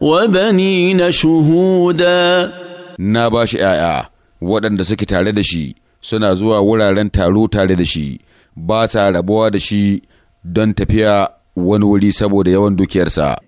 na shuhuda. na ba shi ‘ya'ya waɗanda suke tare da shi suna zuwa wuraren taro tare da shi ba sa rabuwa da shi don tafiya wani wuri saboda yawan dukiyarsa.